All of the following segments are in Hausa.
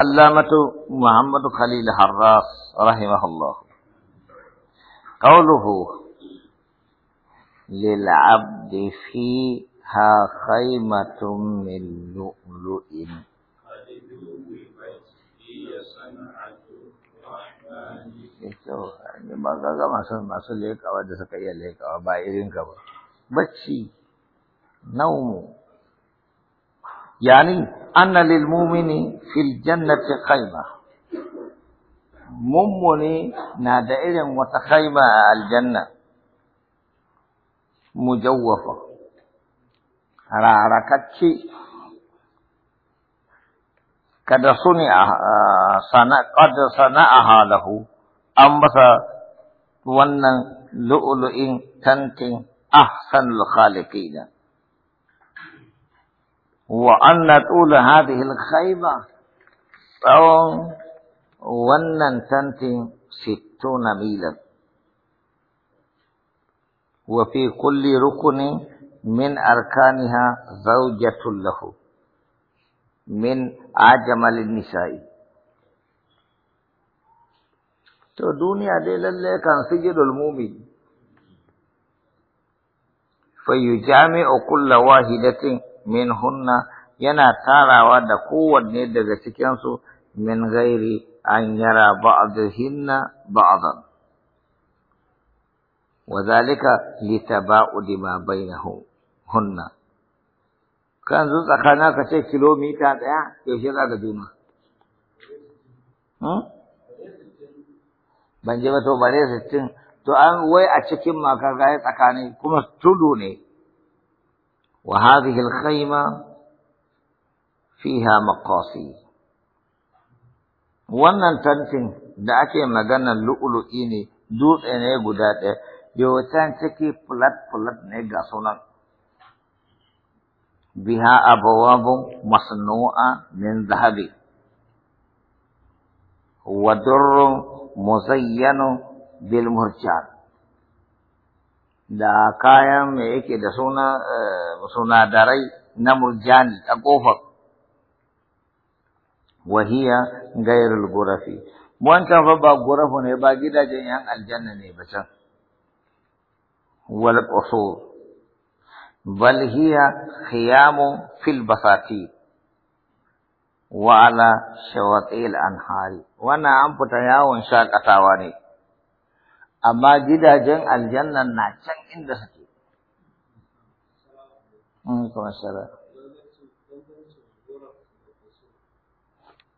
علامة محمد خليل حراس رحمه الله قوله للعبد فيها خيمة من لؤلؤ ba ga ga masu masu lekawa da suka iya lekawa ba irin ka ba bacci naumu يعني أن للمؤمن في الجنة خيمة مؤمن نادئل وتخيمة الجنة مجوفة على ركك قد صنع صنع قد صنعها له أمس ونن لؤلؤ تنتين أحسن الخالقين وأن تقول هذه الخيبة أو ونن تنتي ستون ميلا وفي كل ركن من أركانها زوجة له من أجمل النساء تو دنيا دي كان سجد المؤمن فيجامع كل واحدة min hunna yana tarawa da kowanne daga cikinsu min gairi an yara hinna ba'dan wazalika litaba'udi ma bainahu hunna kan zu tsakana ka ce kilomita ɗaya yaushe za da juna hmm? ban je ba to bare sittin to an wai a cikin maka gaya tsakani kuma tudu ne وهذه الخيمة فيها مقاسي wannan tantin da ake maganar lu'ulu'i ne dutse ne guda ɗaya yawancan ciki flat-flat ne ga sunan biha abawabun masnu'a min zahabi wa durrun muzayyanu bil murjan da kaya mai yake da suna eh, sunadarai na murjani a ƙofar wahiya gairul gurafi wancan fa ba gurafu ne ba gidajen yan aljanna ne ba can wal qusur bal hiya khiyamu fil basati wa ala shawatil anhari wannan an fita yawon shakatawa ne amma gidajen aljannan na can inda suke hmm,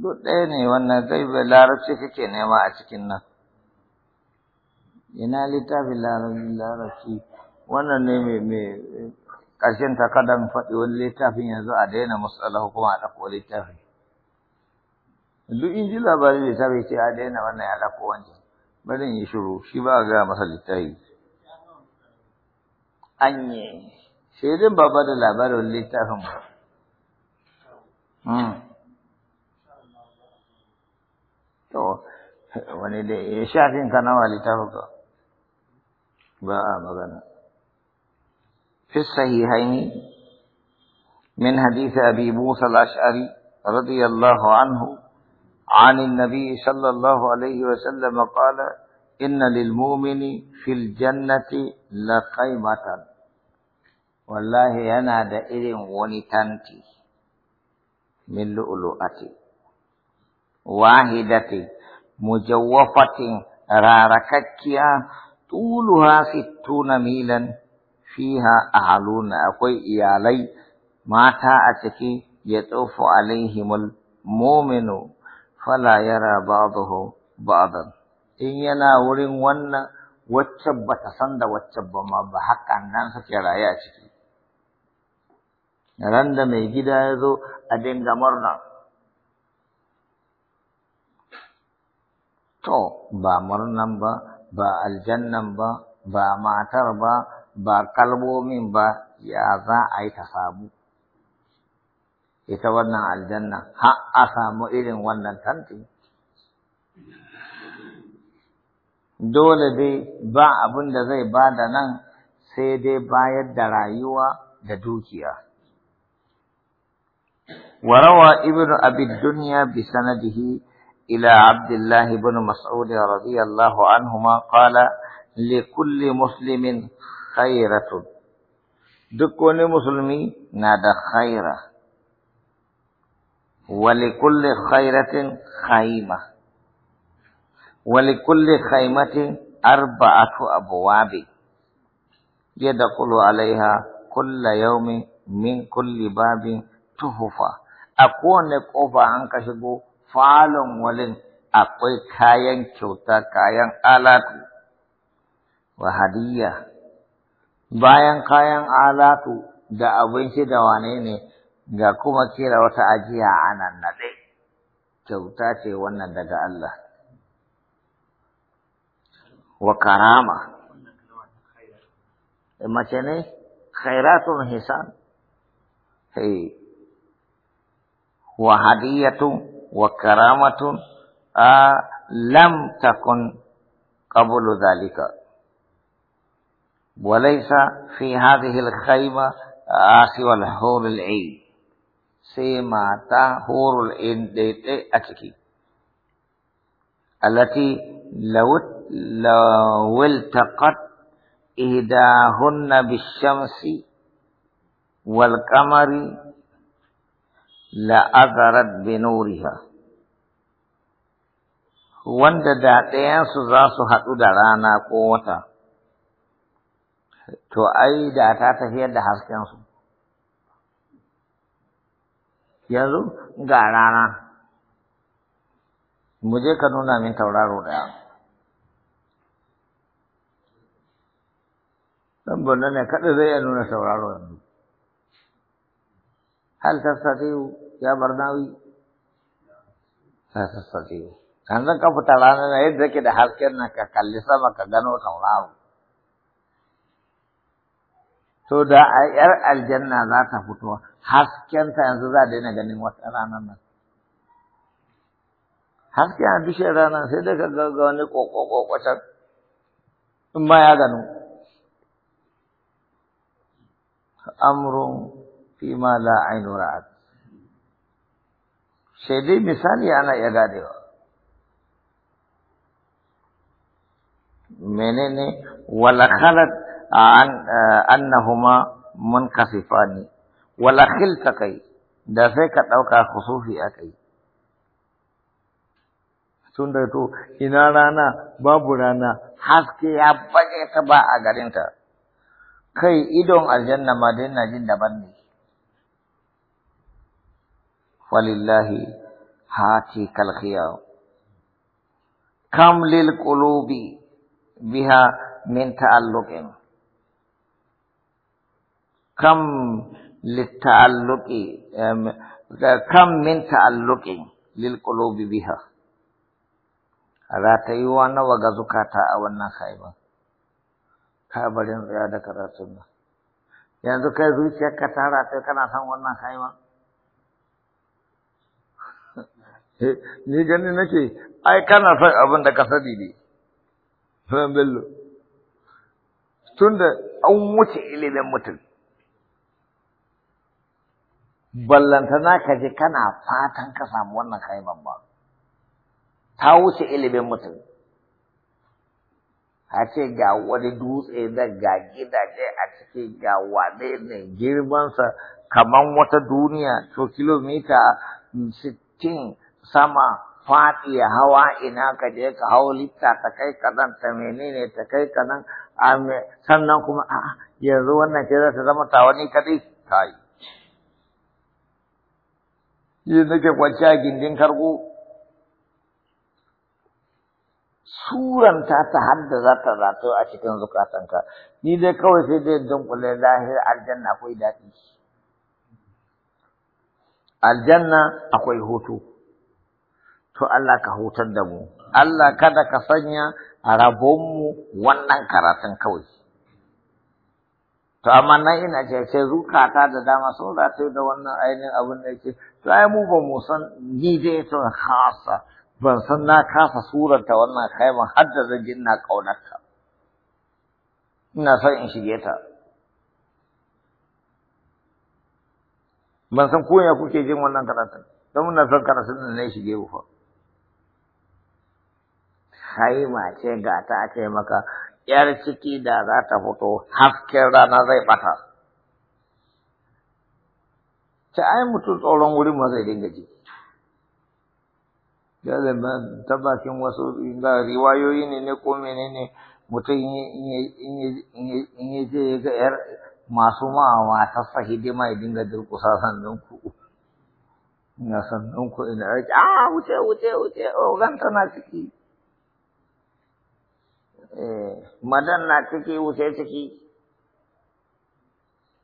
duk ɗaya ne wannan zai bai larabci kake nema a cikin nan ina littafin larabci wannan ne mai ƙarshen takardar faɗi wani littafin yanzu a daina matsalar kuma a ɗauko littafin duk in ji labarin littafin ce a daina wannan ya ɗauko wancan bari yi shiru shi ba ga masa littafi an yi sai dai ba ba da labarin littafin ba hmm. to wani da ya shafin ka nawa littafin ka ba a magana fi sahihaini min hadisi abi musa al-ash'ari radiyallahu anhu عن النبي صلى الله عليه وسلم قال إن للمؤمن في الجنة لقيمة والله ينادى إذن ونتنتي من لؤلؤتي واحدة مجوفة راركتيا طولها ستون ميلا فيها أهلون أقوي إيالي ما أتكي يطوف عليهم المؤمنون fala yara ba ba'dan in yana wurin wannan wacce ba ta san da wacce ba ma ba hakan nan suke raye a ciki ran da mai gida ya zo a dinga murna to ba murnan ba ba aljannan ba ba matar ba ba kalmomin ba ya za a yi ta samu ita wannan aljanna har a samu irin wannan tanti dole dai ba abin da zai ba da nan sai dai bayar da rayuwa da dukiya وروى ابن أبي الدنيا بسنده إلى عبد الله بن مسعود رضي الله عنهما قال لكل مسلم خيرة Musulmi مسلمي نادى خيره ولكل خيرة خيمة ولكل خيمة أربعة أبواب يدخل عليها كل يوم من كل باب تهفى أكون قفا عنك شبو فعل ولن أقوي كايا كوتا كايا آلات وهدية bayan kayan alatu da abinci da wane ne ga kuma kera wata ajiya ana naɗe kyauta ce wannan daga Allah wa karama mace ne khairatun hisan hey wa hadiyatun wa karamatun a lam takun qablu dhalika وليس في هذه الخيمة سوى الحور العين sai mata horul in a ciki. Alati lawil taqat ihdahunna bishamsi wal qamari la'azarat bi nuriha. wanda da ɗayansu za su haɗu da rana ko wata, to ai da ta tafiyar da haskensu. yanzu ga rana mu je ka nuna min tauraro ɗaya ɗan bunda ne kaɗai zai iya nuna tauraro yanzu hal tastati'u ya barnawi la tastati'u yanzu ka fita rana na yadda ke da hasken nan ka kalli sama ka gano tauraro to da a ‘yar aljanna za ta fito hasken ta yanzu za a daina ganin wata ranar nan. Hasken a bishiyar ranar sai dai ka ga wani ƙoƙo in ma ya gano. amurin fi la ainu ra'ad Sai dai misali ana iya gadewa. Menene wala annahuma munkasifani wala khilta kai da sai ka ɗauka khusufi akai. kai tun da to ina rana babu rana haske ya baje ta ba a garinta kai idon aljanna ma dai na jin daban ne walillahi hati kalkhiya kam lil qulubi biha min ta'alluqin Kam للتعلق كم من تعلق للقلوب بها ratayuwa nawa ga zukata a wannan haiba ka barin ya da karatun nan yanzu kai zuciyarka ta rataye kana son wannan haiba ni gani nake ai kana son abin da ka sani ne san bello tunda an wuce ilimin mutum ballantana ka je kana fatan ka samu wannan kai ba ta wuce ilimin mutum a ce ga wani dutse da ga gidaje a ciki ga wane ne girmansa kamar wata duniya to kilomita sittin sama faɗi hawa ina ka je ka hau litta ta kai kanan ta menene ta kai kanan sannan kuma a yanzu wannan ce za ta zama tawani kadai yi. yi nake kwanciya gindin kargo. suranta ta za ta zato a cikin zukatanka ni dai kawai sai dai dunkule zahir aljanna akwai daɗi aljanna akwai hoto, to Allah ka hutar da mu Allah kada ka sanya a mu wannan karatun kawai to amma nan ina ce sai zukata da dama sun rataye da wannan ainihin abin da yake to ai mu ba mu san ni dai to khasa ban san na kasa suranta wannan kaiman har da zan ina kaunarta ina son in shige ta ban san ko ya kuke jin wannan karatun don muna son karatun da na shige ku fa kaima ce ga ta ce maka ‘yar ciki da za ta fito hasken rana zai bata. Ta ai mutu tsoron wurin ma zai dinga ji. Dole ba ta bakin wasu ga riwayoyi ne ne ko menene mutum in ya je ga ‘yar masu ma'awa ta sahidima ya dinga durƙusa sannan ku. Ina sannan ku ina ake, a ah, wuce wuce wuce, ogan tana ciki. Eh, madan na ciki wuce ciki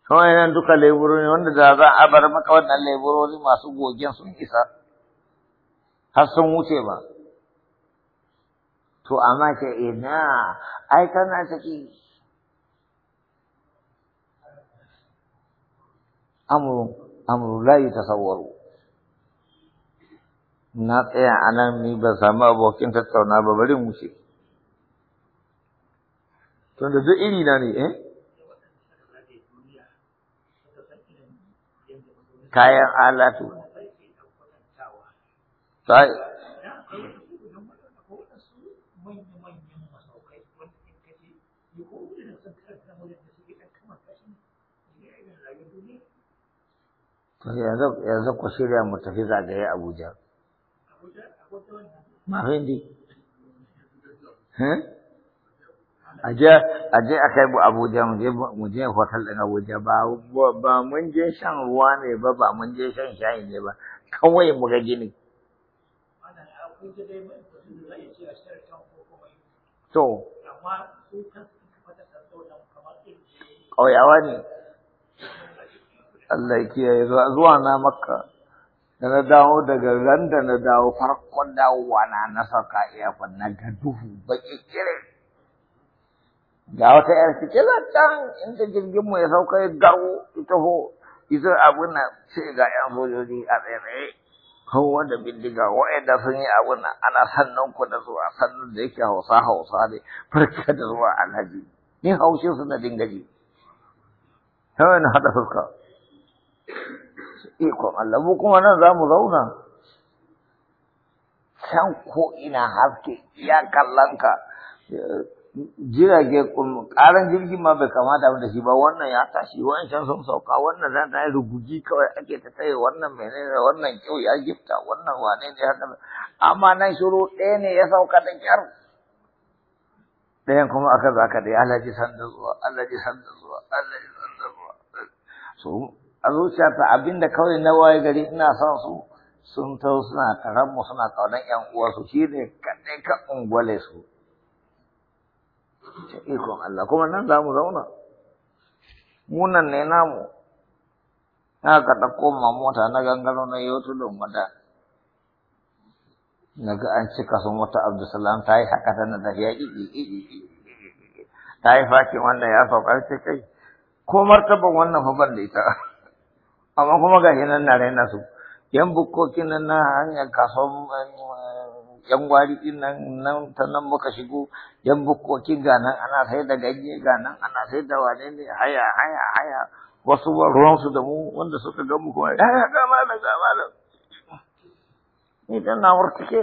kawai nan duka ne wanda da za a bar maka wannan leburori masu gogen sun isa har sun wuce ba to amma ce ina ai kana ciki amrun amru la yatasawwaru na tsaya anan ni ba samu abokin tattauna ba bari mu shi da duk iri na ne eh kayan alatu sai yanzu ku shirya mu tafi zagaye Abuja. Mafindi? Eh? aje aje a kai mu Abuja mu je mu je hotel din Abuja ba ba mun je shan ruwa ne ba ba mun je shan shayi ne ba kawai mu ga gini to ƙauyawa ne Allah ya kiyaye zuwa na makka da na dawo daga ran da na dawo farkon dawowa na na sauka iyakon na ga duhu baƙi irin ga wata yar cike lantan inda jirgin mu ya sauka ya garo ita ho ita abun nan ce ga yan sojoji a tsaye kowa da bindiga da sun yi abun nan ana sannan ku da zuwa sannan da yake hausa hausa ne farka da zuwa alhaji ni haushe su na dingaji kawai na haɗa fuska ikon Allah mu kuma nan za mu zauna can ko ina haske ya kallanka jirage karan jirgin ma bai kamata da shi ba wannan ya tashi wancan sun sauka wannan zan ta yi rubuji kawai ake ta tsaye wannan menene wannan kyau ya gifta wannan wane ne haka amma nan shiru ɗaya ne ya sauka da kyar ɗayan kuma aka za ka dai san sanda zuwa alhaji sanda zuwa alhaji sanda zuwa so a zuciya ta abinda kawai na waye gari ina son su sun tau suna suna kaunan yan uwa su shine kaɗai ka ungwale su ikon Allah kuma nan za mu zauna munan ne namu na ka ɗauko ma mota na gangano na yau tudun wada na ga an cika su mota abdulsalam ta yi haka na tafiya ta yi fakin wanda ya sauka ce kai ko martaban wannan fa ban da ita amma kuma ga nan na raina su yan bukkokin nan na hanyar kasuwan eh, yan gwari din nan nan ta nan muka shigo yan bukkokin ga nan ana sai da ganye ga nan ana sai da wane ne haya haya haya wasu ba ruwansu da mu wanda suka ga mu kuma ya ga malam ga malam ni dan na wartake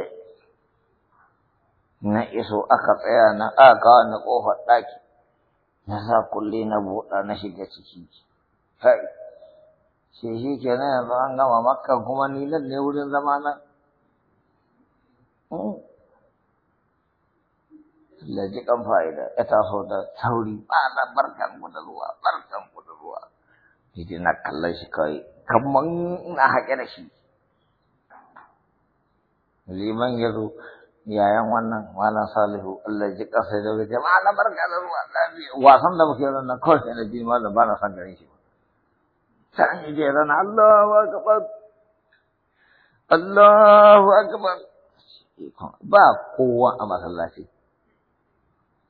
na iso aka tsaya na aka na kofar daki na sa kulle na buɗa na shiga ciki kai sai shi kenan yanzu an gama makka kuma ni nan ne wurin zama nan Laji kan fa'ida, ya taso da sauri, ɓada barkan ku da ruwa, barkan ku da ruwa. Sai na kallon shi kawai, kamar ina haƙe da shi. Liman ya zo, yayan wannan malam salihu Allah ji kasa da wuce malam barka da ruwa lafiya wasan da muke ranar kawai sai na ji malam ba na san garin shi ba sai an yi je ranar Allahu akbar Allahu ikon ba kowa a masallaci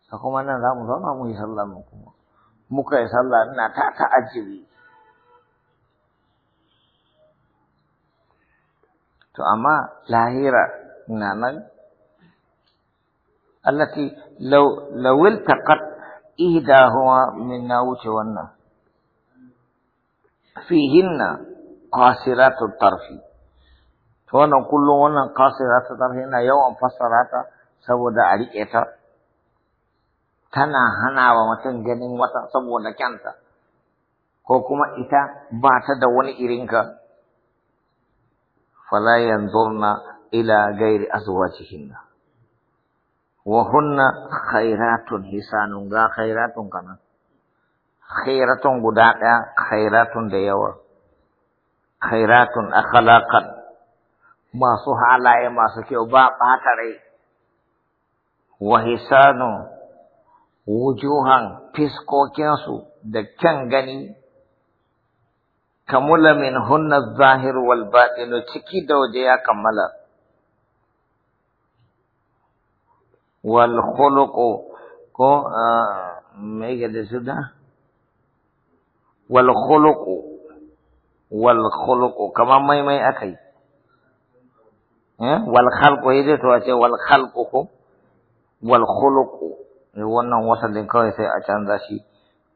ta kuma nan za mu zauna mu yi sallah mu kuma muka yi sallah ina ta ta ajiye to amma lahira na nan allati law lawil taqat ihdahuwa min na wuce wannan fihinna qasiratu tarfi to wannan kullum wannan kasira ta tarhi yana yawan fassara ta saboda a riƙe ta tana hana wa mutum ganin wata saboda kyanta ko kuma ita ba ta da wani irin ka. fala yanzurna ila gairi azwajihinna wa hunna khairatun hisanun ga khairatun kana khairatun guda ɗaya khairatun da yawa khairatun akhlaqan masu halaye masu kyau ba ɓata rai wa wujuhan fiskokinsu da kyan gani kamula min hunna zahir wal batinu ciki da waje ya kammala wal khuluqu ko me ga da su da wal khuluqu wal khuluqu kamar maimai akai Eh? wal khalqu yaje to a wal khalqu ko wal khuluqu eh, wannan wasalin kawai sai a canza shi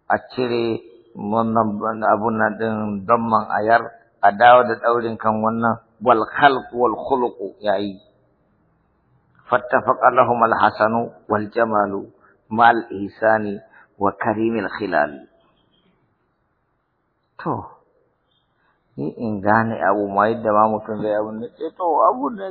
a cire wannan abun nan din damman ayar a dawo da daurin kan wannan wal khalqu wal khuluqu yayi fattafaqa lahum al hasanu wal jamalu mal ihsani wa karimil khilal to ni in gane abu mai da ma mutum zai abu ne eh to abu ne